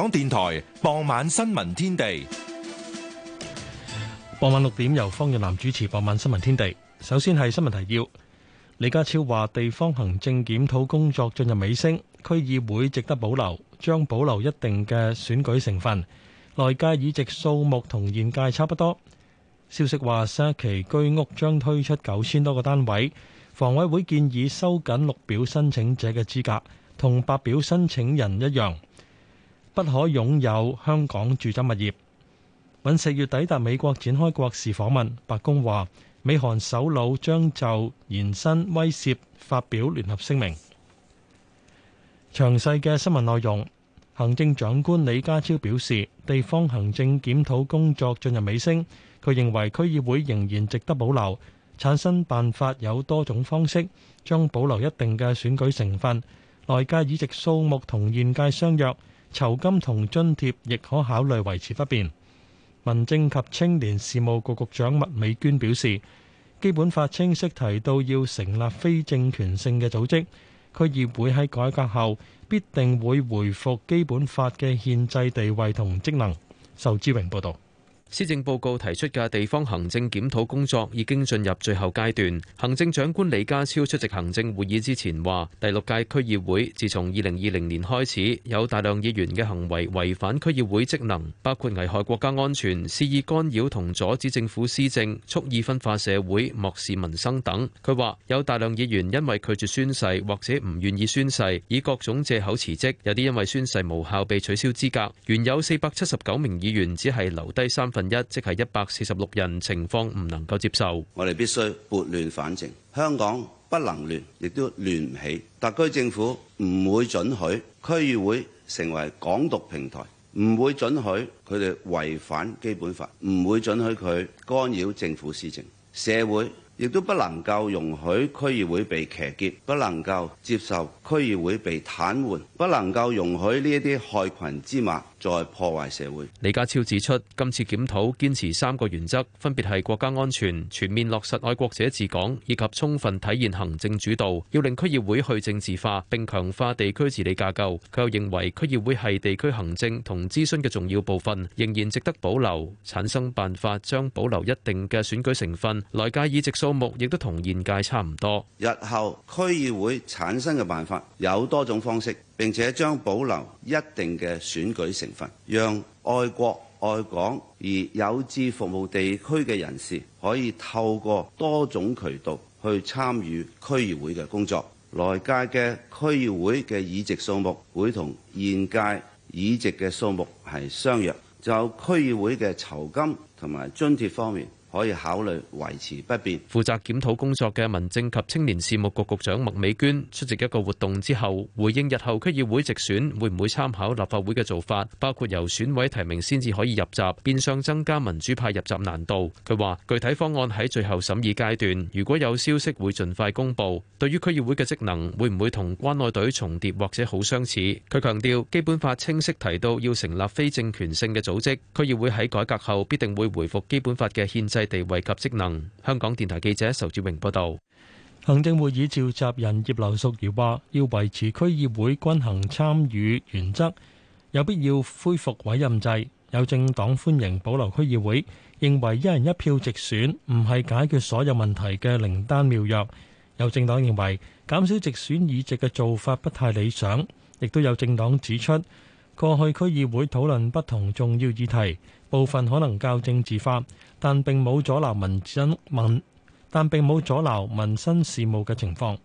香港電台傍晚新聞天地，傍晚六點由方日南主持。傍晚新聞天地，首先係新聞提要。李家超話，地方行政檢討工作進入尾聲，區議會值得保留，將保留一定嘅選舉成分。內界議席數目同現界差不多。消息話，上一期居屋將推出九千多個單位。房委會建議收緊綠表申請者嘅資格，同白表申請人一樣。不可擁有香港住宅物業。喺四月抵達美國，展開國事訪問。白宮話，美韓首腦將就延伸威懾發表聯合聲明。詳細嘅新聞內容，行政長官李家超表示，地方行政檢討工作進入尾聲。佢認為區議會仍然值得保留，產生辦法有多種方式，將保留一定嘅選舉成分。內界議席數目同現界相若。酬金同津貼亦可考慮維持不變。民政及青年事務局局長麥美娟表示，基本法清晰提到要成立非政權性嘅組織，區議會喺改革後必定會回復基本法嘅憲制地位同職能。仇志榮報道。施政報告提出嘅地方行政檢討工作已經進入最後階段。行政長官李家超出席行政會議之前話，第六屆區議會自從二零二零年開始，有大量議員嘅行為違反區議會職能，包括危害國家安全、肆意干擾同阻止政府施政、蓄意分化社會、漠視民生等。佢話有大量議員因為拒絕宣誓或者唔願意宣誓，以各種借口辭職，有啲因為宣誓無效被取消資格。原有四百七十九名議員只係留低三分一，即係一百四十六人。情況唔能夠接受，我哋必須撥亂反正，香港不能亂，亦都亂唔起。特區政府唔會准許區議會成為港獨平台，唔會准許佢哋違反基本法，唔會准許佢干擾政府施政。社會亦都不能夠容許區議會被騎劫，不能夠接受區議會被癱瘓，不能夠容許呢一啲害羣之馬再破壞社會。李家超指出，今次檢討堅持三個原則，分別係國家安全、全面落實愛國者治港以及充分體現行政主導。要令區議會去政治化並強化地區治理架構。佢又認為區議會係地區行政同諮詢嘅重要部分，仍然值得保留。產生辦法將保留一定嘅選舉成分，來屆議席數目亦都同現屆差唔多。日後區議會產生嘅辦法有多種方式。並且將保留一定嘅選舉成分，讓愛國、愛港而有志服務地區嘅人士可以透過多種渠道去參與區議會嘅工作。來屆嘅區議會嘅議席數目會同現屆議席嘅數目係相若。就區議會嘅酬金同埋津貼方面，可以考慮維持不變。負責檢討工作嘅民政及青年事務局局長麥美娟出席一個活動之後，回應日後區議會直選會唔會參考立法會嘅做法，包括由選委提名先至可以入閘，變相增加民主派入閘難度。佢話：具體方案喺最後審議階段，如果有消息會盡快公佈。對於區議會嘅職能，會唔會同關愛隊重疊或者好相似？佢強調，《基本法》清晰提到要成立非政權性嘅組織，區議會喺改革後必定會回復《基本法》嘅憲制地位及職能。香港電台記者仇志榮報道。行政會議召集人葉劉淑儀話，要維持區議會均衡參與原則，有必要恢復委任制。有政黨歡迎保留區議會，認為一人一票直選唔係解決所有問題嘅靈丹妙藥。有政黨認為減少直選議席嘅做法不太理想，亦都有政黨指出，過去區議會討論不同重要議題，部分可能較政治化。但並冇阻撓民生，但並冇阻撓民生事務嘅情況。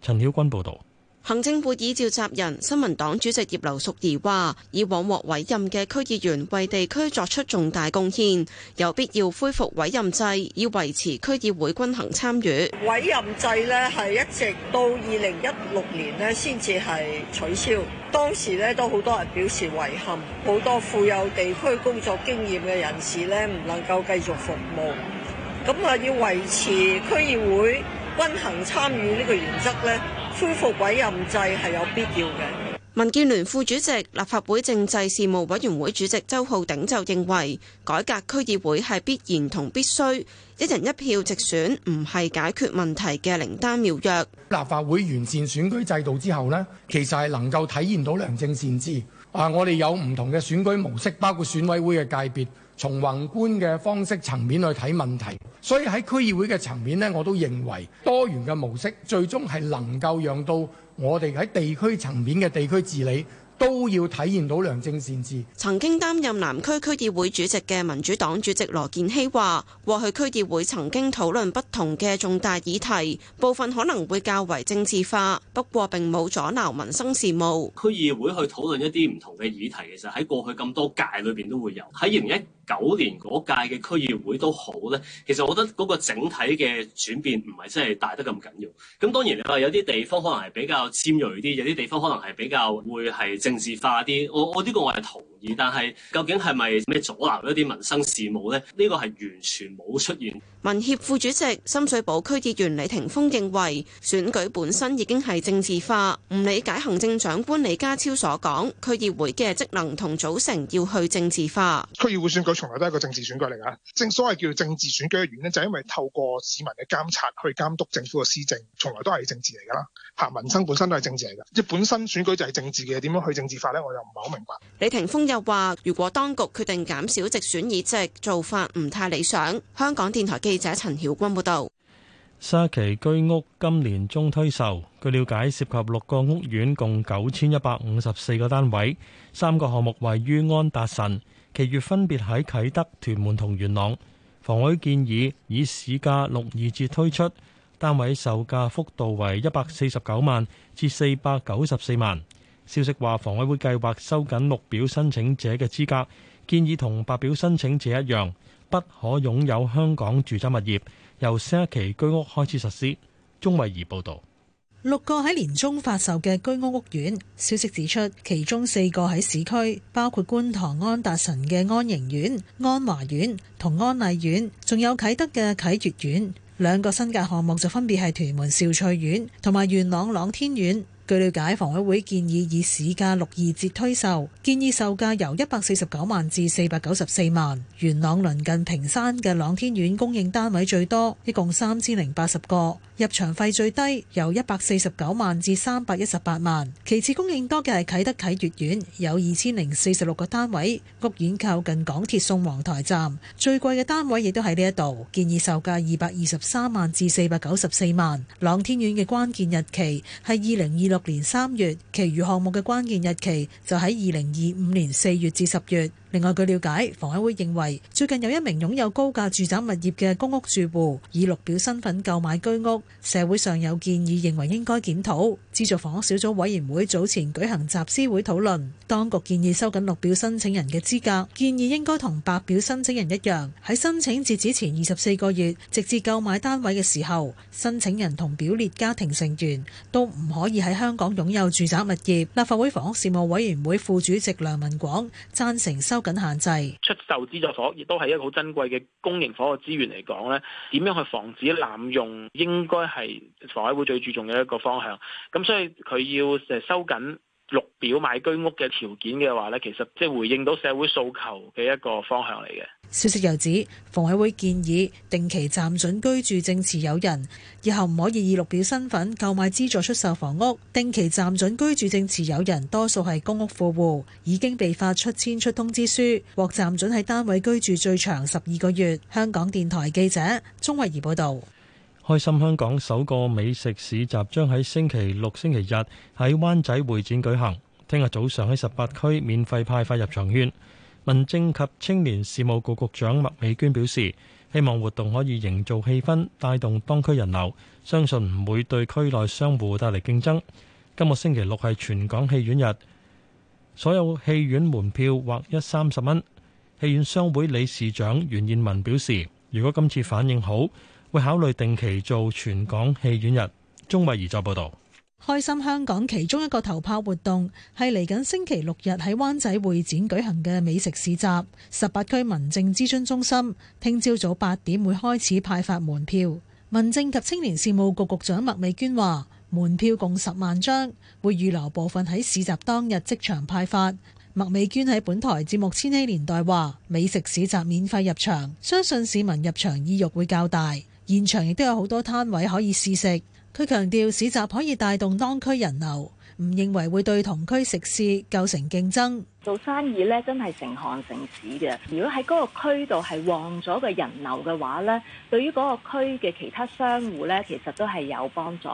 陳曉君報導。行政會議召集人、新民黨主席葉劉淑儀話，以往獲委任嘅區議員為地區作出重大貢獻，有必要恢復委任制，要維持區議會均衡參與。委任制呢係一直到二零一六年呢先至係取消，當時呢都好多人表示遺憾，好多富有地區工作經驗嘅人士呢唔能夠繼續服務，咁啊要維持區議會。均衡參與呢個原則呢，恢復委任制係有必要嘅。民建聯副主席、立法會政制事務委員會主席周浩鼎就認為，改革區議會係必然同必須，一人一票直選唔係解決問題嘅靈丹妙藥。立法會完善選舉制度之後呢，其實係能夠體現到良政善治。啊，我哋有唔同嘅選舉模式，包括選委會嘅界別。從宏觀嘅方式層面去睇問題，所以喺區議會嘅層面呢，我都認為多元嘅模式最終係能夠讓到我哋喺地區層面嘅地區治理都要體現到良政善治。曾經擔任南區區議會主席嘅民主黨主席羅健熙話，過去區議會曾經討論不同嘅重大議題，部分可能會較為政治化，不過並冇阻撓民生事務。區議會去討論一啲唔同嘅議題，其實喺過去咁多屆裏邊都會有喺二零一九年嗰屆嘅區議會都好咧，其實我覺得嗰個整體嘅轉變唔係真係大得咁緊要。咁當然你話有啲地方可能係比較尖銳啲，有啲地方可能係比較會係政治化啲。我我呢個我係同。但係，究竟係咪咩阻攔一啲民生事務呢？呢個係完全冇出現。民協副主席深水埗區議員李霆鋒認為，選舉本身已經係政治化，唔理解行政長官李家超所講區議會嘅職能同組成要去政治化。區議會選舉從來都係一個政治選舉嚟㗎，正所謂叫政治選舉嘅原因就係因為透過市民嘅監察去監督政府嘅施政，從來都係政治嚟㗎啦。嚇，民生本身都係政治嚟㗎，即本身選舉就係政治嘅，點樣去政治化呢？我又唔係好明白。李霆鋒。又話，如果當局決定減少直選議席，做法唔太理想。香港電台記者陳曉君報道，沙琪居屋今年中推售，據了解涉及六個屋苑共九千一百五十四個單位，三個項目位於安達臣，其餘分別喺啟德、屯門同元朗。房委建議以市價六二折推出，單位售價幅度為一百四十九萬至四百九十四萬。消息話，房委會計劃收緊綠表申請者嘅資格，建議同白表申請者一樣，不可擁有香港住宅物業，由新一期居屋開始實施。鍾慧儀報導。六個喺年中發售嘅居屋屋苑，消息指出，其中四個喺市區，包括觀塘安達臣嘅安盈苑、安華苑同安麗苑，仲有啟德嘅啟悦苑。兩個新界項目就分別係屯門兆翠苑同埋元朗朗天苑。據了解，房委會建議以市價六二折推售，建議售價由一百四十九萬至四百九十四萬。元朗鄰近屏山嘅朗天苑供應單位最多，一共三千零八十個，入場費最低由一百四十九萬至三百一十八萬。其次供應多嘅係啟德啟悦苑，有二千零四十六個單位，屋苑靠近港鐵宋皇台站，最貴嘅單位亦都喺呢一度，建議售價二百二十三萬至四百九十四萬。朗天苑嘅關鍵日期係二零二六。年三月，其餘項目嘅關鍵日期就喺二零二五年四月至十月。另外據了解，房委會認為最近有一名擁有高價住宅物業嘅公屋住戶以綠表身份購買居屋，社會上有建議認為應該檢討。資助房屋小組委員會早前舉行集思會討論，當局建議收緊綠表申請人嘅資格，建議應該同白表申請人一樣，喺申請截止前二十四個月直至購買單位嘅時候，申請人同表列家庭成員都唔可以喺香港擁有住宅物業。立法會房屋事務委員會副主席梁文廣贊成收緊限制出售資助房，亦都係一個好珍貴嘅公營房嘅資源嚟講咧，點樣去防止濫用，應該係房委會最注重嘅一個方向。咁所以佢要誒收緊綠表買居屋嘅條件嘅話咧，其實即係回應到社會訴求嘅一個方向嚟嘅。消息又指，房委會，會建議定期暫准居住證持有人以後唔可以以綠表身份購買資助出售房屋。定期暫准居住證持有人多數係公屋富戶，已經被發出遷出通知書，獲暫准喺單位居住最長十二個月。香港電台記者鍾慧儀報道。開心香港首個美食市集將喺星期六、星期日喺灣仔會展舉行。聽日早上喺十八區免費派發入場券。民政及青年事務局局長麥美娟表示，希望活動可以營造氣氛，帶動當區人流，相信唔會對區內商戶帶嚟競爭。今個星期六係全港戲院日，所有戲院門票劃一三十蚊。戲院商會理事長袁燕文表示，如果今次反應好，會考慮定期做全港戲院日。鍾慧儀作報道。開心香港其中一個頭炮活動係嚟緊星期六日喺灣仔會展舉行嘅美食市集，十八區民政諮詢中心聽朝早八點會開始派發門票。民政及青年事務局局長麥美娟話，門票共十萬張，會預留部分喺市集當日即場派發。麥美娟喺本台節目《千禧年代》話，美食市集免費入場，相信市民入場意欲會較大，現場亦都有好多攤位可以試食。佢強調市集可以帶動當區人流，唔認為會對同區食肆構成競爭。做生意咧，真係成行成市嘅。如果喺嗰個區度係旺咗個人流嘅話咧，對於嗰個區嘅其他商戶咧，其實都係有幫助。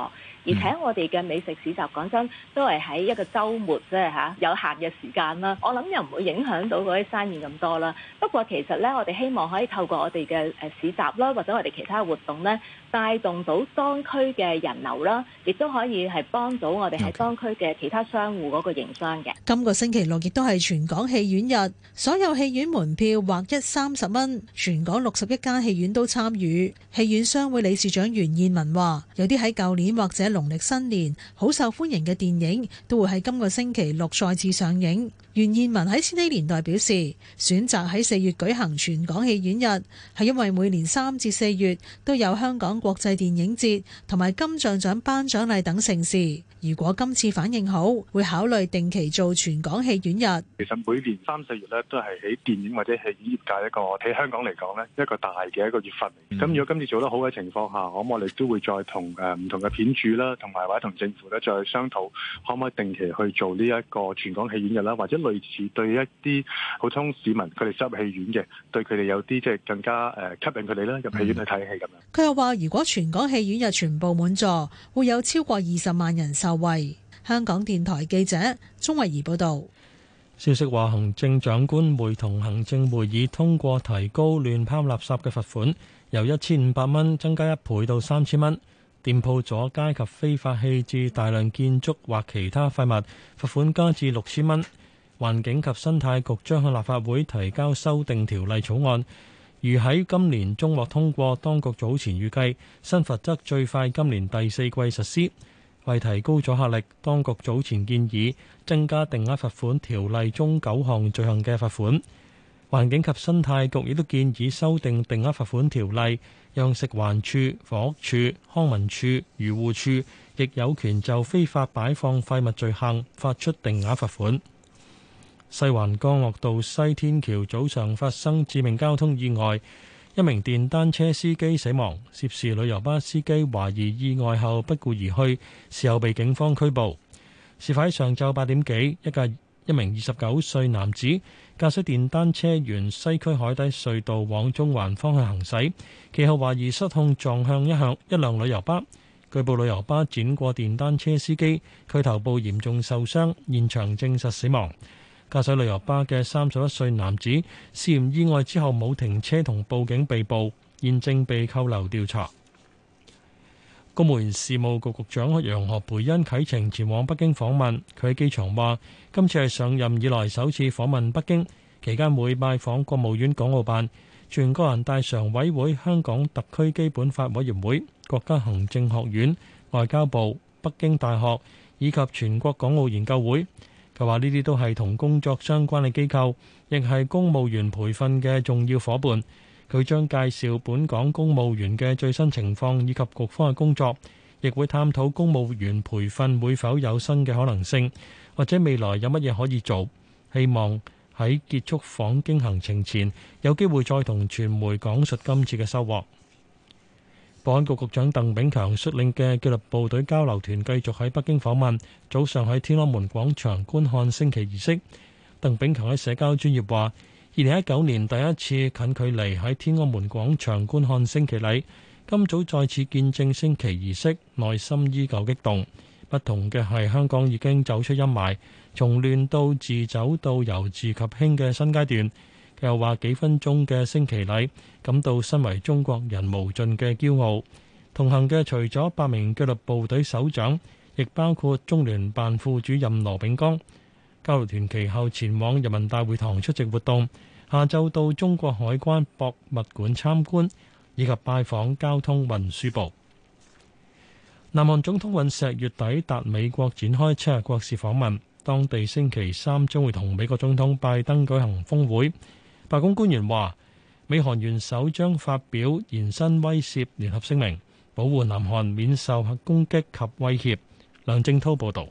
而且我哋嘅美食市集，講真都係喺一個周末，即係嚇有閑嘅時間啦。我諗又唔會影響到嗰啲生意咁多啦。不過其實咧，我哋希望可以透過我哋嘅誒市集啦，或者我哋其他活動咧，帶動到當區嘅人流啦，亦都可以係幫到我哋喺當區嘅其他商戶嗰個營商嘅。Okay. 今個星期六亦都係全港戲院日，所有戲院門票劃一三十蚊，全港六十一家戲院都參與。戲院商會理事長袁燕文話：有啲喺舊年或者。農曆新年好受歡迎嘅電影都會喺今個星期六再次上映。袁燕文喺千禧年代表示，選擇喺四月舉行全港戲院日，係因為每年三至四月都有香港國際電影節同埋金像獎頒獎禮等盛事。如果今次反應好，會考慮定期做全港戲院日。其實每年三四月咧，都係喺電影或者戲院業，業界一個，喺香港嚟講呢，一個大嘅一個月份咁、嗯、如果今次做得好嘅情況下，咁我哋都會再同誒唔同嘅片主啦，同埋或者同政府咧，再商討可唔可以定期去做呢一個全港戲院日啦，或者類似對一啲普通市民佢哋入戲院嘅，對佢哋有啲即係更加誒吸引佢哋啦，入戲院去睇戲咁樣。佢、嗯、又話：如果全港戲院日全部滿座，會有超過二十萬人受。為香港電台記者鍾慧怡報道，消息話，行政長官會同行政會議通過提高亂拋垃圾嘅罰款，由一千五百蚊增加一倍到三千蚊；店鋪阻街及非法棄置大量建築或其他廢物，罰款加至六千蚊。環境及生態局將向立法會提交修訂條例草案，如喺今年中獲通過，當局早前預計新罰則最快今年第四季實施。為提高阻嚇力，當局早前建議增加定額罰款條例中九項罪行嘅罰款。環境及生態局亦都建議修訂定額罰款條例，讓食環署、房屋署、康文署、漁護署亦有權就非法擺放廢物罪行發出定額罰款。西環江樂道西天橋早上發生致命交通意外。一名電單車司機死亡，涉事旅遊巴司機懷疑意外後不顧而去，事後被警方拘捕。事發喺上晝八點幾，一架一名二十九歲男子駕駛電單車沿西區海底隧道往中環方向行駛，其後懷疑失控撞向一輛一輛旅遊巴，據報旅遊巴輾過電單車司機，佢頭部嚴重受傷，現場證實死亡。駕駛旅遊巴嘅三十一歲男子，涉嫌意外之後冇停車同報警，被捕，現正被扣留調查。公務員事務局局，局長楊何蓓茵啟程前往北京訪問，佢喺機場話：今次係上任以來首次訪問北京，期間會拜訪國務院港澳辦、全國人大常委會、香港特區基本法委員會、國家行政學院、外交部、北京大學以及全國港澳研究會。佢話呢啲都係同工作相關嘅機構，亦係公務員培訓嘅重要伙伴。佢將介紹本港公務員嘅最新情況以及局方嘅工作，亦會探討公務員培訓會否有新嘅可能性，或者未來有乜嘢可以做。希望喺結束訪京行程前，有機會再同傳媒講述今次嘅收穫。保安局局長鄧炳強率領嘅紀律部隊交流團繼續喺北京訪問，早上喺天安門廣場觀看升旗儀式。鄧炳強喺社交專業話，二零一九年第一次近距離喺天安門廣場觀看升旗禮，今早再次見證升旗儀式，內心依舊激動。不同嘅係，香港已經走出陰霾，從亂到治，走到由治及興嘅新階段。又話幾分鐘嘅升旗禮。感到身為中國人無盡嘅驕傲。同行嘅除咗八名紀律部隊首長，亦包括中聯辦副主任羅炳剛。交流團其後前往人民大會堂出席活動，下晝到中國海關博物館參觀，以及拜訪交通運輸部。南韓總統尹錫悅抵達美國，展開七日國事訪問。當地星期三將會同美國總統拜登舉行峯會。白宮官員話，美韓元首將發表延伸威懾聯合聲明，保護南韓免受核攻擊及威脅。梁正濤報導。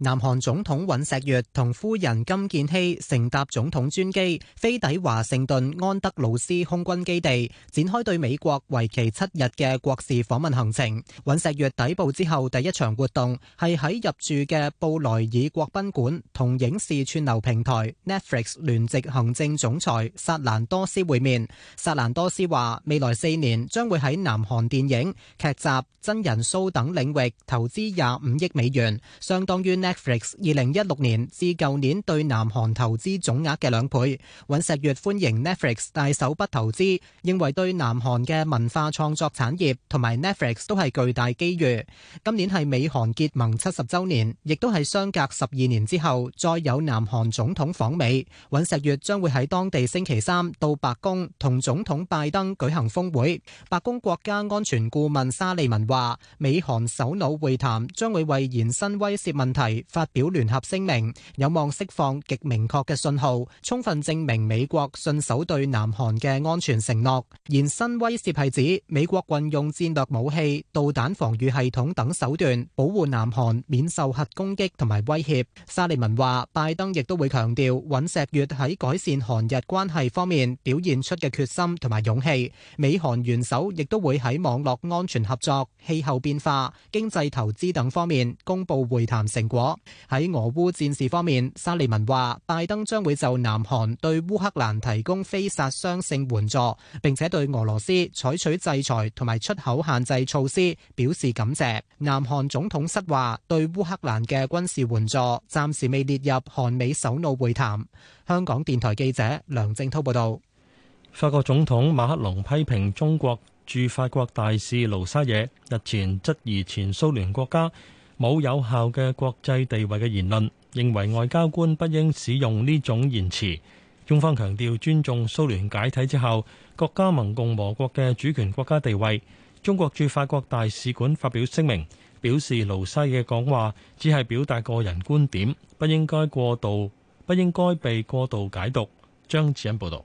南韓總統尹錫悅同夫人金建希乘搭總統專機飛抵華盛頓安德魯斯空軍基地，展開對美國為期七日嘅國事訪問行程。尹錫悅抵埠之後第一場活動係喺入住嘅布萊爾國賓館同影視串流平台 Netflix 聯席行政總裁薩蘭多斯會面。薩蘭多斯話：未來四年將會喺南韓電影、劇集、真人 show 等領域投資廿五億美元，相當於 Netflix 二零一六年至舊年對南韓投資總額嘅兩倍。尹錫悅歡迎 Netflix 大手筆投資，認為對南韓嘅文化創作產業同埋 Netflix 都係巨大機遇。今年係美韓結盟七十周年，亦都係相隔十二年之後，再有南韓總統訪美。尹錫悅將會喺當地星期三到白宮同總統拜登舉行峰會。白宮國家安全顧問沙利文話，美韓首腦會談將會為延伸威懾問題。發表聯合聲明，有望釋放極明確嘅信號，充分證明美國信守對南韓嘅安全承諾。延伸威懾係指美國運用戰略武器、導彈防禦系統等手段，保護南韓免受核攻擊同埋威脅。沙利文話，拜登亦都會強調尹錫悅喺改善韓日關係方面表現出嘅決心同埋勇氣。美韓元首亦都會喺網絡安全合作、氣候變化、經濟投資等方面公布會談成果。喺俄烏戰事方面，沙利文話：拜登將會就南韓對烏克蘭提供非殺傷性援助，並且對俄羅斯採取制裁同埋出口限制措施表示感謝。南韓總統室話：對烏克蘭嘅軍事援助暫時未列入韓美首腦會談。香港電台記者梁正滔報道。法國總統馬克龍批評中國駐法國大使盧沙野日前質疑前蘇聯國家。冇有，有效嘅國際地位嘅言論，認為外交官不應使用呢種言辭，中方強調尊重蘇聯解體之後國家盟共和國嘅主權國家地位。中國駐法國大使館發表聲明，表示盧西嘅講話只係表達個人觀點，不應該過度，不應該被過度解讀。張子欣報道。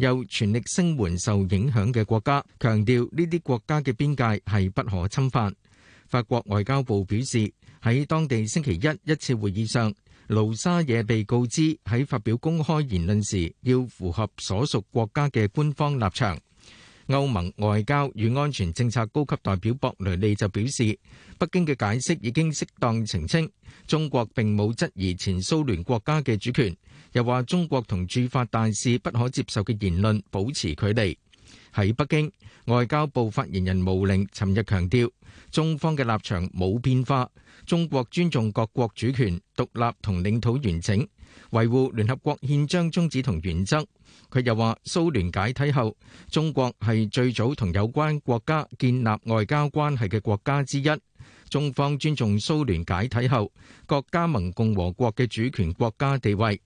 又全力聲援受影響嘅國家，強調呢啲國家嘅邊界係不可侵犯。法國外交部表示，喺當地星期一一次會議上，盧沙野被告知喺發表公開言論時要符合所屬國家嘅官方立場。歐盟外交與安全政策高級代表博雷利就表示，北京嘅解釋已經適當澄清，中國並冇質疑前蘇聯國家嘅主權。又話中國同駐法大使不可接受嘅言論保持距離。喺北京，外交部發言人毛寧尋日強調，中方嘅立場冇變化，中國尊重各國主權、獨立同領土完整，維護聯合國憲章宗旨同原則。佢又話：蘇聯解體後，中國係最早同有關國家建立外交關係嘅國家之一。中方尊重蘇聯解體後各加盟共和國嘅主權國家地位。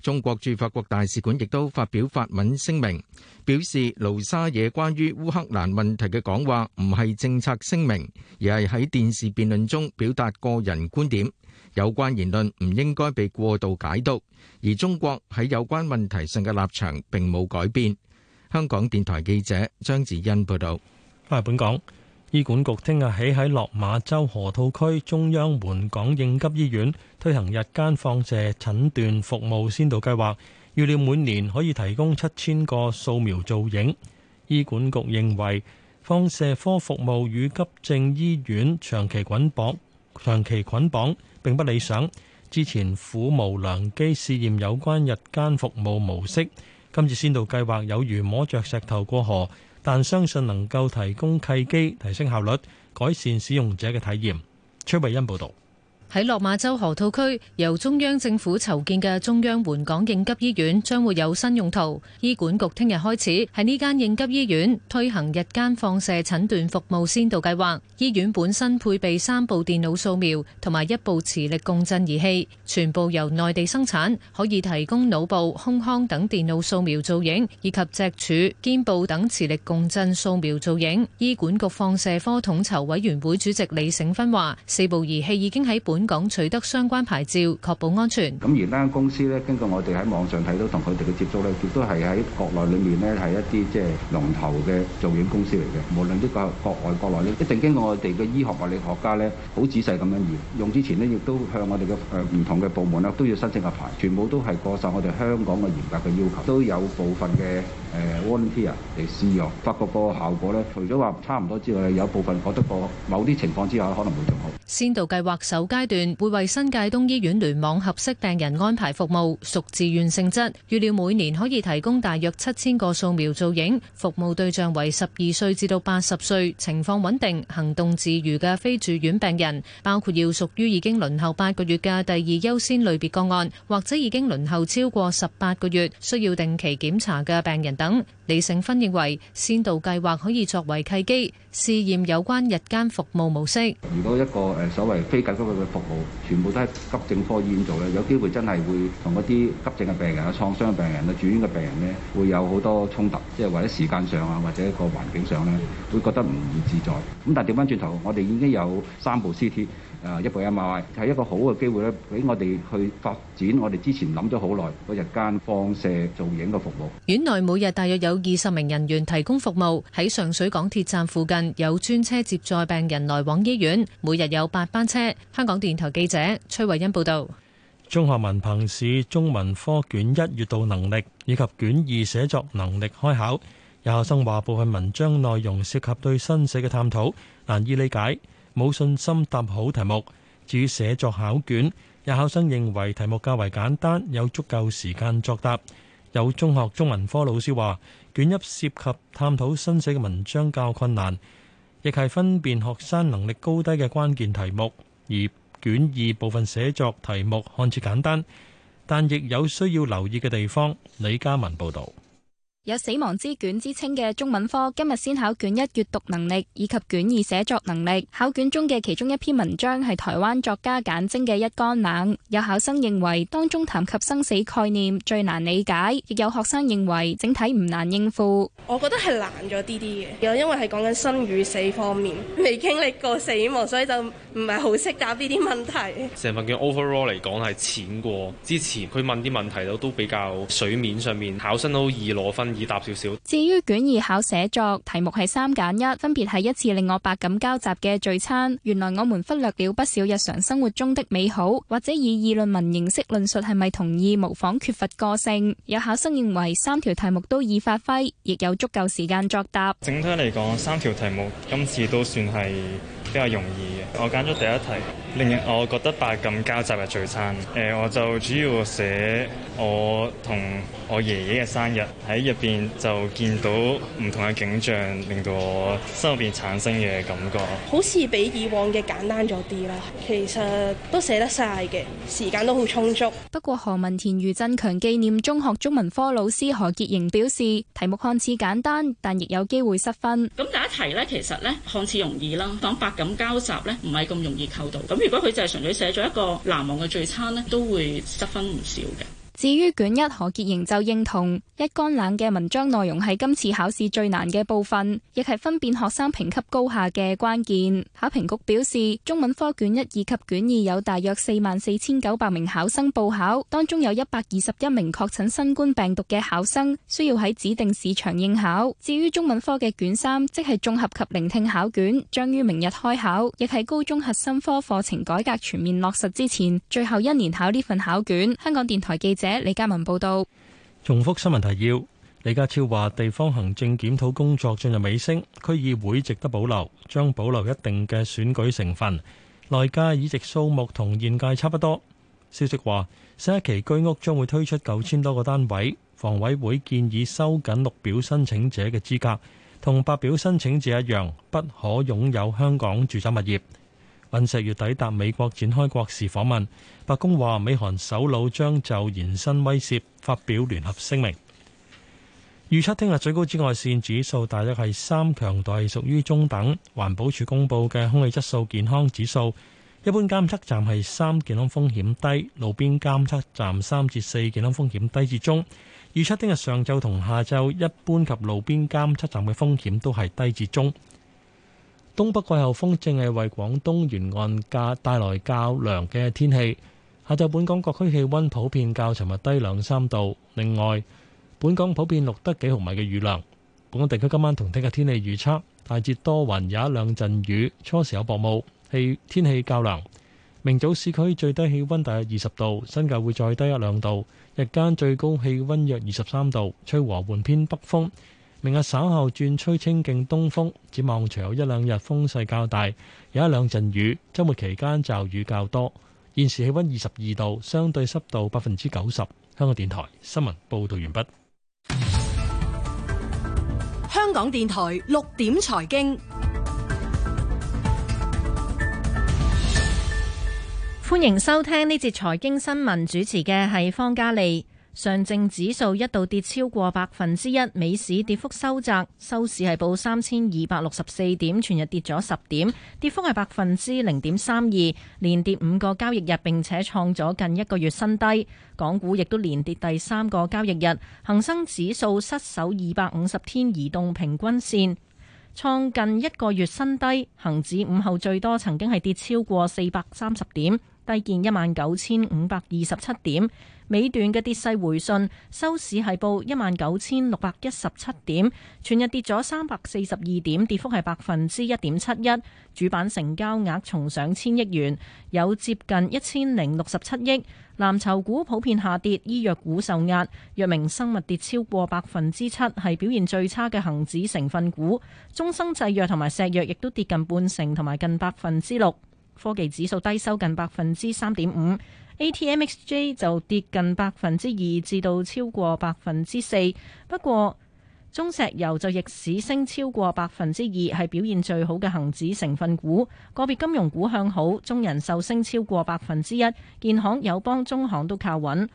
中國駐法國大使館亦都發表法文聲明，表示盧沙野關於烏克蘭問題嘅講話唔係政策聲明，而係喺電視辯論中表達個人觀點。有關言論唔應該被過度解讀，而中國喺有關問題上嘅立場並冇改變。香港電台記者張子欣報道。啊，本港。醫管局聽日起喺落馬洲河套區中央門港應急醫院推行日間放射診斷服務先導計劃，預料每年可以提供七千個掃描造影。醫管局認為放射科服務與急症醫院長期捆綁，長期捆綁並不理想。之前苦無良機試驗有關日間服務模式，今次先導計劃有如摸著石頭過河。但相信能夠提供契機，提升效率，改善使用者嘅體驗，崔慧欣報道。喺落馬洲河套區由中央政府籌建嘅中央援港應急醫院將會有新用途。醫管局聽日開始喺呢間應急醫院推行日間放射診斷服務先導計劃。醫院本身配備三部電腦掃描同埋一部磁力共振儀器，全部由內地生產，可以提供腦部、胸腔等電腦掃描造影以及脊柱、肩部等磁力共振掃描造影。醫管局放射科統籌委員會主席李醒芬話，四部儀器已經喺本本港取得相關牌照，確保安全。咁而家公司咧，經過我哋喺網上睇到同佢哋嘅接觸咧，亦都係喺國內裏面咧係一啲即係龍頭嘅造影公司嚟嘅。無論呢個國外、國內咧，一定經過我哋嘅醫學物理學家咧，好仔細咁樣驗用之前咧，亦都向我哋嘅誒唔同嘅部門咧，都要申請個牌，全部都係過晒我哋香港嘅嚴格嘅要求。都有部分嘅誒 volunteer 嚟試用，發覺個效果咧，除咗話差唔多之外，有部分覺得個某啲情況之下，可能會仲好。先導計劃首階段會為新界東醫院聯網合適病人安排服務，屬自願性質。預料每年可以提供大約七千個掃描造影服務，對象為十二歲至到八十歲、情況穩定、行動自如嘅非住院病人，包括要屬於已經輪候八個月嘅第二優先類別個案，或者已經輪候超過十八個月需要定期檢查嘅病人等。李勝芬認為，先導計劃可以作為契機試驗有關日間服務模式。如果一個誒所謂非緊急嘅。全部都喺急症科醫院做咧，有機會真係會同嗰啲急症嘅病人、有創傷嘅病人、啊住院嘅病人咧，會有好多衝突，即係或者時間上啊，或者一個環境上咧，會覺得唔如自在。咁但係調翻轉頭，我哋已經有三部 CT。誒一倍嘅賣係一個好嘅機會咧，俾我哋去發展我哋之前諗咗好耐個日間放射造影嘅服務。院內每日大約有二十名人員提供服務，喺上水港鐵站附近有專車接載病人來往醫院，每日有八班車。香港電台記者崔慧欣報道。中學文憑試中文科卷一閲讀能力以及卷二寫作能力開考，有學生話部分文章內容涉及對生死嘅探討，難以理解，冇信心答好題目，至於寫作考卷，有考生認為題目較為簡單，有足夠時間作答。有中學中文科老師話，卷一涉及探討新寫嘅文章較困難，亦係分辨學生能力高低嘅關鍵題目。而卷二部分寫作題目看似簡單，但亦有需要留意嘅地方。李嘉文報道。有死亡之卷之稱嘅中文科今日先考卷一閱讀能力以及卷二寫作能力。考卷中嘅其中一篇文章係台灣作家簡媜嘅《一竿冷》。有考生認為當中談及生死概念最難理解，亦有學生認為整體唔難應付。我覺得係難咗啲啲嘅，又因為係講緊生與死方面，未經歷過死亡，所以就唔係好識答呢啲問題。成份卷 overall 嚟講係淺過之前，佢問啲問題都都比較水面上面，考生都易攞分。易答少少。至於卷二考寫作題目係三揀一，分別係一次令我百感交集嘅聚餐，原來我們忽略了不少日常生活中的美好，或者以議論文形式論述係咪同意模仿缺乏個性。有考生認為三條題目都已發揮，亦有足夠時間作答。整體嚟講，三條題目今次都算係。比較容易嘅，我揀咗第一題，令我覺得百感交集嘅聚餐。誒、呃，我就主要寫我同我爺爺嘅生日喺入邊就見到唔同嘅景象，令到我心入邊產生嘅感覺。好似比以往嘅簡單咗啲啦，其實都寫得晒嘅，時間都好充足。不過何文田余振強紀念中學中文科老師何潔瑩表示，題目看似簡單，但亦有機會失分。咁第一題呢，其實呢，看似容易啦，講白。咁交集咧，唔係咁容易扣到。咁如果佢就係純粹寫咗一個難忘嘅聚餐咧，都會失分唔少嘅。至於卷一何潔瑩就認同一乾冷嘅文章內容係今次考試最難嘅部分，亦係分辨學生評級高下嘅關鍵。考評局表示，中文科卷一以及卷二有大約四萬四千九百名考生報考，當中有一百二十一名確診新冠病毒嘅考生需要喺指定市場應考。至於中文科嘅卷三，即係綜合及聆聽考卷，將於明日開考，亦係高中核心科課程改革全面落實之前，最後一年考呢份考卷。香港電台記者。李家文報道，重複新聞提要。李家超話，地方行政檢討工作進入尾聲，區議會值得保留，將保留一定嘅選舉成分。內界議席數目同現屆差不多。消息話，新一期居屋將會推出九千多個單位，房委會建議收緊綠表申請者嘅資格，同白表申請者一樣，不可擁有香港住宅物業。尹錫悅抵達美國展開國事訪問，白宮話美韓首腦將就延伸威懾發表聯合聲明。預測聽日最高紫外線指數大約係三強度，屬於中等。環保署公佈嘅空氣質素健康指數，一般監測站係三健康風險低，路邊監測站三至四健康風險低至中。預測聽日上晝同下晝一般及路邊監測站嘅風險都係低至中。東北季候風正係為廣東沿岸架帶來較涼嘅天氣。下晝本港各區氣温普遍較尋日低兩三度。另外，本港普遍錄得幾毫米嘅雨量。本港地區今晚同聽日天氣預測大致多雲，有一兩陣雨，初時有薄霧，氣天氣較涼。明早市區最低氣温大約二十度，新界會再低一兩度。日間最高氣温約二十三度，吹和緩偏北風。明日稍後轉吹清勁東風，展望隨後一兩日風勢較大，有一兩陣雨。周末期間驟雨較多。現時氣温二十二度，相對濕度百分之九十。香港電台新聞報道完畢。香港電台六點財經，歡迎收聽呢節財經新聞，主持嘅係方嘉利。上證指數一度跌超過百分之一，美市跌幅收窄，收市係報三千二百六十四點，全日跌咗十點，跌幅係百分之零點三二，連跌五個交易日，並且創咗近一個月新低。港股亦都連跌第三個交易日，恒生指數失守二百五十天移動平均線，創近一個月新低。恒指午後最多曾經係跌超過四百三十點。低見一萬九千五百二十七點，尾段嘅跌勢回順，收市係報一萬九千六百一十七點，全日跌咗三百四十二點，跌幅係百分之一點七一。主板成交額重上千億元，有接近一千零六十七億。藍籌股普遍下跌，醫藥股受壓，藥明生物跌超過百分之七，係表現最差嘅恒指成分股。中生製藥同埋石藥亦都跌近半成，同埋近百分之六。科技指數低收近百分之三點五，ATMXJ 就跌近百分之二至到超過百分之四。不過中石油就逆市升超過百分之二，係表現最好嘅恒指成分股。個別金融股向好，中人壽升超過百分之一，建行、友邦、中行都靠穩。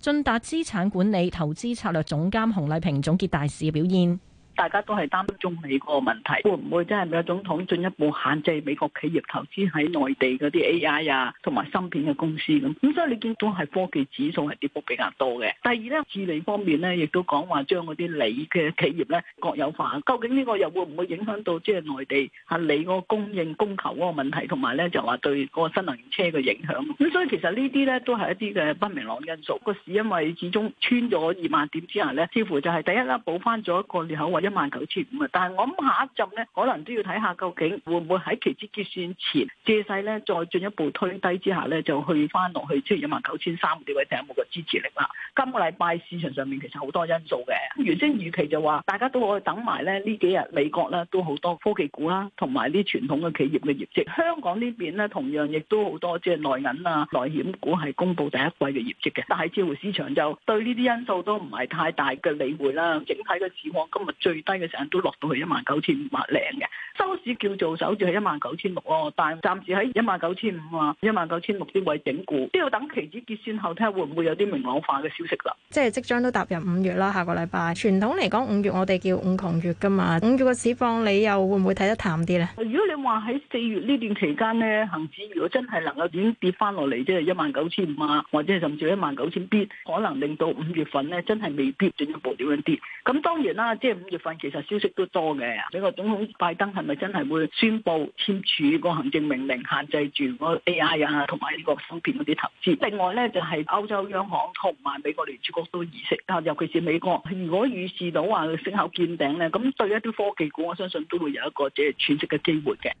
晉達資產管理投資策略總監洪麗萍總結大市嘅表現。大家都係擔心中美嗰個問題，會唔會真係美國總統進一步限制美國企業投資喺內地嗰啲 AI 啊同埋芯片嘅公司咁？咁所以你見到係科技指數係跌幅比較多嘅。第二咧，智利方面咧，亦都講話將嗰啲鋰嘅企業咧國有化，究竟呢個又會唔會影響到即係內地鋰嘅嗰個供應供求嗰個問題，同埋咧就話對嗰個新能源車嘅影響咁？所以其實呢啲咧都係一啲嘅不明朗因素。個市因為始終穿咗二萬點之下咧，似乎就係第一啦，補翻咗一個裂口位。一萬九千五啊！但係我諗下一陣咧，可能都要睇下究竟會唔會喺期指結算前借勢咧，再進一步推低之下咧，就去翻落去即係一萬九千三呢位睇有冇個支持力啦。今個禮拜市場上面其實好多因素嘅，原先預期就話大家都可以等埋咧呢幾日美國咧都好多科技股啦，同埋啲傳統嘅企業嘅業績。香港呢邊咧同樣亦都好多即係內銀啊、內險股係公布第一季嘅業績嘅，但係似乎市場就對呢啲因素都唔係太大嘅理會啦。整體嘅指望今日最。最低嘅時間都落到去一萬九千五百零嘅收市叫做守住喺一萬九千六咯，但係暫時喺一萬九千五啊，一萬九千六啲位整固都要等期指結算後睇下會唔會有啲明朗化嘅消息啦。即係即將都踏入五月啦，下個禮拜傳統嚟講五月我哋叫五窮月㗎嘛，五月個市況你又會唔會睇得淡啲咧？如果你話喺四月呢段期間咧，恆指如果真係能夠點跌翻落嚟，即係一萬九千五啊，或者甚至一萬九千必可能令到五月份咧真係未必進一步點樣跌。咁當然啦，即係五月。但其實消息都多嘅，美國總統拜登係咪真係會宣布簽署個行政命令限制住個 AI 啊，同埋呢個芯片嗰啲投資？另外呢，就係、是、歐洲央行同埋美國連接局都議息，尤其是美國，如果預示到話息口見頂呢，咁對一啲科技股，我相信都會有一個即係喘息嘅機會嘅。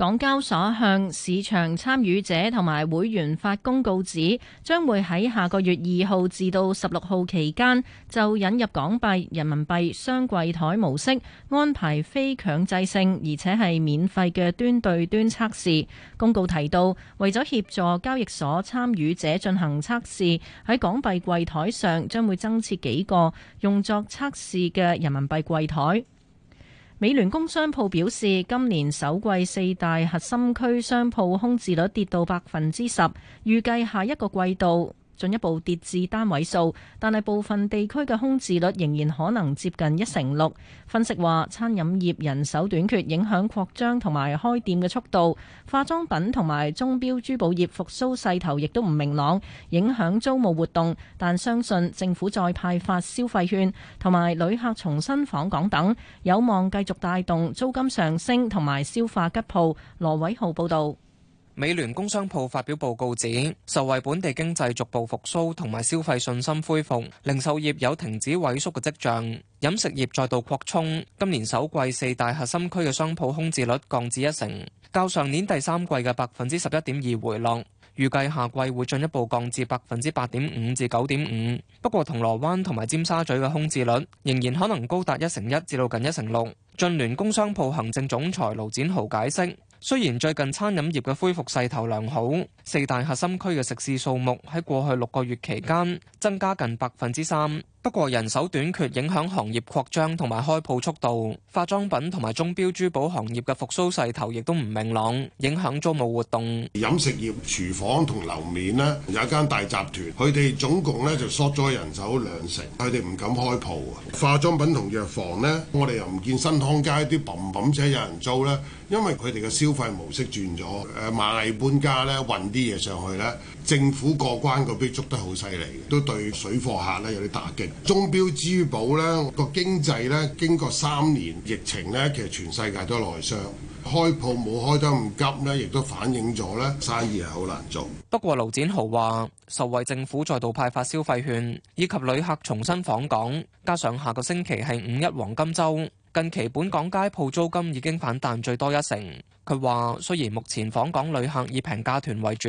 港交所向市場參與者同埋會員發公告，指將會喺下個月二號至到十六號期間就引入港幣、人民幣雙櫃台模式，安排非強制性而且係免費嘅端對端測試。公告提到，為咗協助交易所參與者進行測試，喺港幣櫃台上將會增設幾個用作測試嘅人民幣櫃台。美聯工商鋪表示，今年首季四大核心區商鋪空置率跌到百分之十，預計下一個季度，進一步跌至單位數，但係部分地區嘅空置率仍然可能接近一成六。分析話，餐飲業人手短缺影響擴張同埋開店嘅速度，化妝品同埋鐘錶珠寶業復甦勢頭亦都唔明朗，影響租務活動。但相信政府再派發消費券同埋旅客重新訪港等，有望繼續帶動租金上升同埋消化吉鋪。羅偉浩報導。美聯工商鋪發表報告指，受惠本地經濟逐步復甦同埋消費信心恢復，零售業有停止萎縮嘅跡象，飲食業再度擴充。今年首季四大核心區嘅商鋪空置率降至一成，較上年第三季嘅百分之十一點二回落，預計下季會進一步降至百分之八點五至九點五。不過銅鑼灣同埋尖沙咀嘅空置率仍然可能高達一成一至到近一成六。駿聯工商鋪行政總裁盧展豪解釋。雖然最近餐飲業嘅恢復勢頭良好，四大核心區嘅食肆數目喺過去六個月期間增加近百分之三。不過人手短缺影響行業擴張同埋開鋪速度，化妝品同埋鐘錶珠寶行業嘅復甦勢頭亦都唔明朗，影響租務活動。飲食業廚房同樓面呢，有一間大集團，佢哋總共呢就縮咗人手兩成，佢哋唔敢開鋪啊。化妝品同藥房呢，我哋又唔見新康街啲冚冚車有人租呢，因為佢哋嘅消費模式轉咗，誒螞蟻搬家呢，運啲嘢上去呢。政府過關嗰邊捉得好犀利，都對水貨客呢有啲打擊。鐘錶珠寶呢個經濟呢經過三年疫情呢，其實全世界都內傷。開鋪冇開得咁急呢，亦都反映咗呢生意係好難做。不過，盧展豪話，受惠政府再度派發消費券，以及旅客重新訪港，加上下個星期係五一黃金週，近期本港街鋪租金已經反彈最多一成。佢話雖然目前訪港旅客以平價團為主。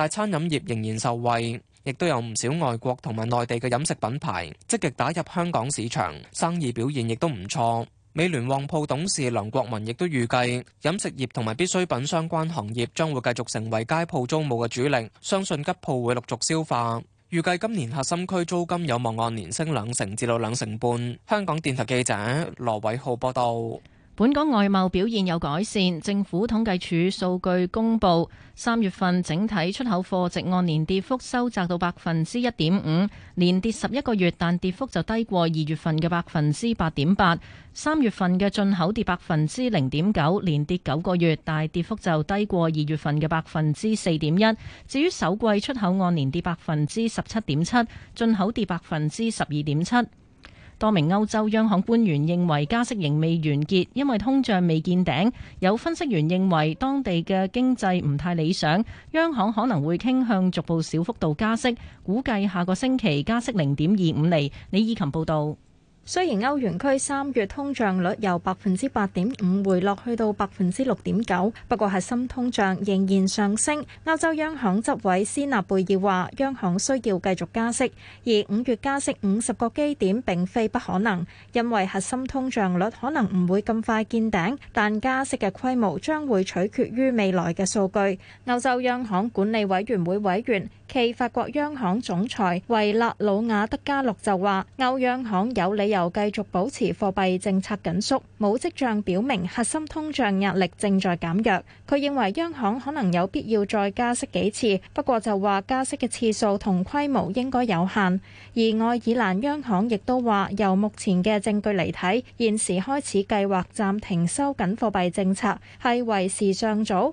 大餐飲業仍然受惠，亦都有唔少外國同埋內地嘅飲食品牌積極打入香港市場，生意表現亦都唔錯，美聯旺鋪董事梁國民亦都預計飲食業同埋必需品相關行業將會繼續成為街鋪租務嘅主力，相信吉舖會陸續消化。預計今年核心區租金有望按年升兩成至到兩成半。香港電台記者羅偉浩報道。本港外貿表現有改善，政府統計處數據公布，三月份整體出口貨值按年跌幅收窄到百分之一點五，連跌十一個月，但跌幅就低過二月份嘅百分之八點八。三月份嘅進口跌百分之零點九，連跌九個月，但跌幅就低過二月份嘅百分之四點一。至於首季出口按年跌百分之十七點七，進口跌百分之十二點七。多名歐洲央行官員認為加息仍未完結，因為通脹未見頂。有分析員認為當地嘅經濟唔太理想，央行可能會傾向逐步小幅度加息，估計下個星期加息零點二五厘。李以琴報導。雖然歐元區三月通脹率由百分之八點五回落去到百分之六點九，不過核心通脹仍然上升。歐洲央行執委斯納貝爾話，央行需要繼續加息，而五月加息五十個基點並非不可能，因為核心通脹率可能唔會咁快見頂，但加息嘅規模將會取決於未來嘅數據。歐洲央行管理委員會委員、暨法國央行總裁維勒魯瓦德加洛就話，歐央行有理，又繼續保持貨幣政策緊縮，冇跡象表明核心通脹壓力正在減弱。佢認為央行可能有必要再加息幾次，不過就話加息嘅次數同規模應該有限。而愛爾蘭央行亦都話，由目前嘅證據嚟睇，現時開始計劃暫停收緊貨幣政策係為時尚早。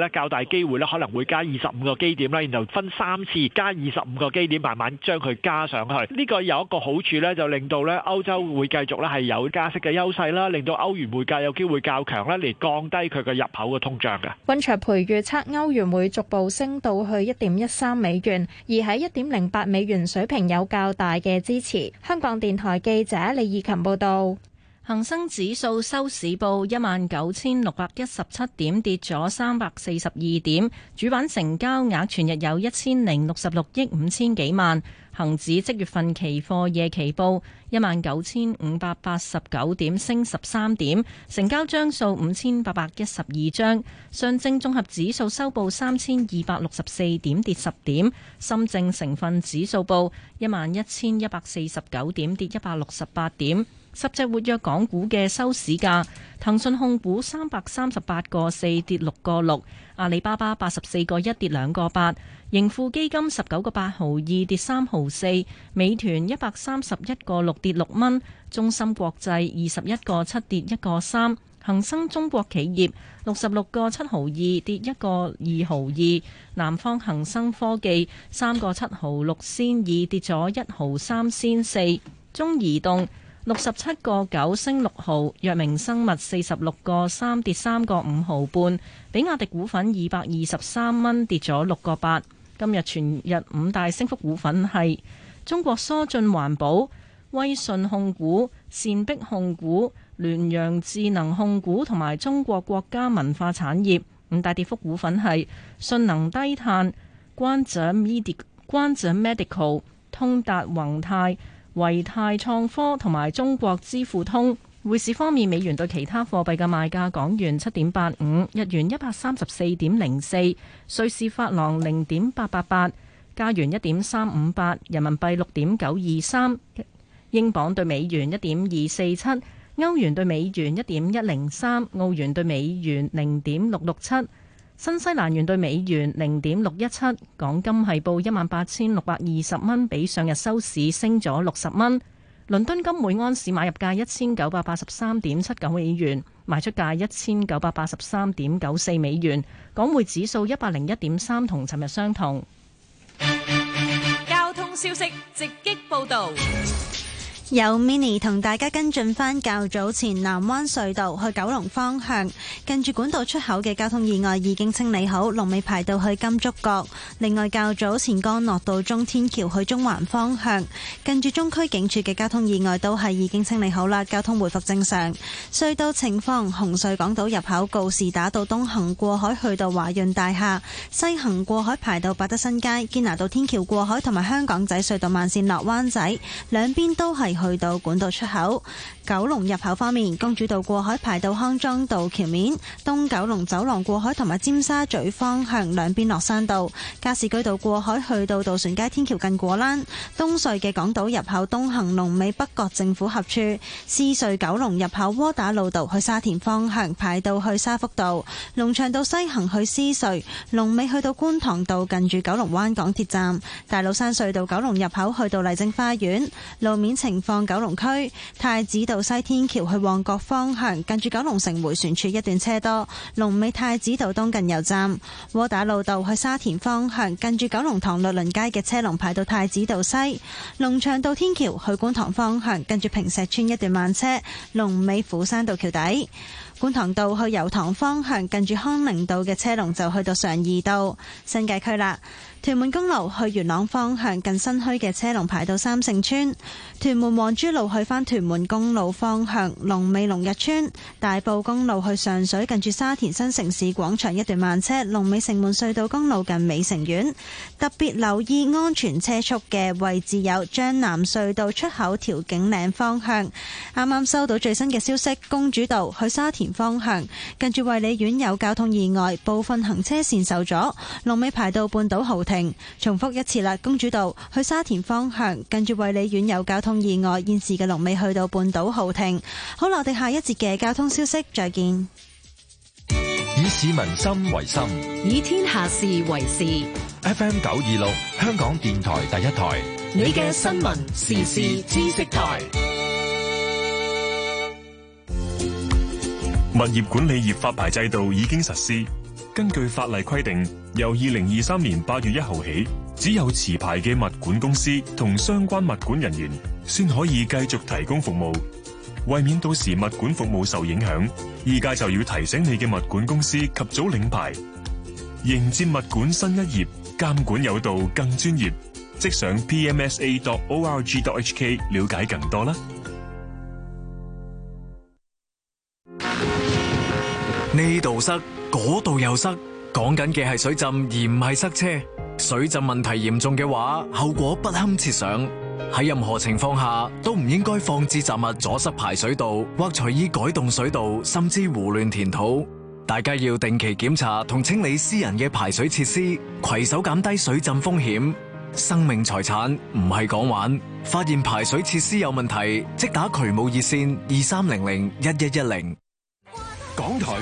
咧較大機會咧可能會加二十五個基點啦，然後分三次加二十五個基點，慢慢將佢加上去。呢個有一個好處咧，就令到咧歐洲會繼續咧係有加息嘅優勢啦，令到歐元匯價有機會較強咧，嚟降低佢嘅入口嘅通脹嘅。溫卓培預測歐元會逐步升到去一點一三美元，而喺一點零八美元水平有較大嘅支持。香港電台記者李以琴報道。恒生指數收市報一萬九千六百一十七點，跌咗三百四十二點。主板成交額全日有一千零六十六億五千幾萬。恒指即月份期貨夜期報一萬九千五百八十九點，升十三點，成交張數五千八百一十二張。上證綜合指數收報三千二百六十四點，跌十點。深證成分指數報一萬一千一百四十九點，跌一百六十八點。十隻活躍港股嘅收市價：騰訊控股三百三十八個四跌六個六，阿里巴巴八十四個一跌兩個八，盈富基金十九個八毫二跌三毫四，美團一百三十一個六跌六蚊，中芯國際二十一個七跌一個三，恒生中國企業六十六個七毫二跌一個二毫二，南方恒生科技三個七毫六先二跌咗一毫三先四，中移動。六十七個九升六毫，藥明生物四十六個三跌三個五毫半，比亞迪股份二百二十三蚊跌咗六個八。今日全日五大升幅股份係中國疏浚環保、威信控股、善碧控股、聯陽智能控股同埋中國國家文化產業。五大跌幅股份係信能低碳、關井 medical 關井、medical、通達宏泰。維泰創科同埋中國支付通。匯市方面，美元對其他貨幣嘅賣價：港元七點八五，日元一百三十四點零四，瑞士法郎零點八八八，加元一點三五八，人民幣六點九二三，英鎊對美元一點二四七，歐元對美元一點一零三，澳元對美元零點六六七。新西蘭元兌美元零點六一七，港金係報一萬八千六百二十蚊，比上日收市升咗六十蚊。倫敦金每安士買入價一千九百八十三點七九美元，賣出價一千九百八十三點九四美元。港匯指數一百零一點三，同尋日相同。交通消息直擊報道。有 Mini 同大家跟進返較早前南灣隧道去九龍方向近住管道出口嘅交通意外已經清理好，龍尾排到去金竹角。另外較早前干諾道中天橋去中環方向近住中區警署嘅交通意外都係已經清理好啦，交通回復正常。隧道情況：紅隧港島入口告士打道東行過海去到華潤大廈，西行過海排到百德新街堅拿道天橋過海同埋香港仔隧道慢線落灣仔，兩邊都係。去到管道出口。九龍入口方面，公主道過海排到康莊道橋面，東九龍走廊過海同埋尖沙咀方向兩邊落山道，加士居道過海去到渡船街天橋近果欄，東隧嘅港島入口東行龍尾北角政府合處，獅隧九龍入口窩打老道去沙田方向排到去沙福道，龍翔道西行去獅隧，龍尾去到觀塘道近住九龍灣港鐵站，大老山隧道九龍入口去到麗晶花園路面情況，九龍區太子。道西天橋去旺角方向，近住九龍城回旋處一段車多。龍尾太子道東近油站。窩打老道去沙田方向，近住九龍塘律倫街嘅車龍排到太子道西。龍翔道天橋去觀塘方向，近住坪石邨一段慢車。龍尾斧山道橋底。觀塘道去油塘方向，近住康寧道嘅車龍就去到常怡道，新界區啦。屯門公路去元朗方向，近新墟嘅車龍排到三聖村。屯門皇珠路去返屯門公路方向，龍尾龍逸邨。大埔公路去上水，近住沙田新城市廣場一段慢車，龍尾城門隧道公路近美城苑。特別留意安全車速的位置有將南隧道出口調景嶺方向。啱啱收到最新的消息，公主道去沙田方向，近住衛理苑有交通意外，部分行車線受阻。龍尾排到半島豪庭。停，重複一次啦。公主道去沙田方向，近住衛理苑有交通意外，現時嘅龍尾去到半島豪庭。好啦，我哋下一節嘅交通消息，再見。以市民心為心，以天下事為事。FM 九二六，香港電台第一台，你嘅新聞時事知識台。物業管理業發牌制度已經實施。根據法例規定，由二零二三年八月一號起，只有持牌嘅物管公司同相關物管人員，先可以繼續提供服務。為免到時物管服務受影響，依家就要提醒你嘅物管公司及早領牌，迎接物管新一頁，監管有道更專業。即上 pmsa.org.hk 了解更多啦。呢度塞。嗰度又塞，講緊嘅係水浸而唔係塞車。水浸問題嚴重嘅話，後果不堪設想。喺任何情況下都唔應該放置雜物阻塞排水道，或隨意改動水道，甚至胡亂填土。大家要定期檢查同清理私人嘅排水設施，攜手減低水浸風險。生命財產唔係講玩，發現排水設施有問題，即打渠務熱線二三零零一一一零。港台。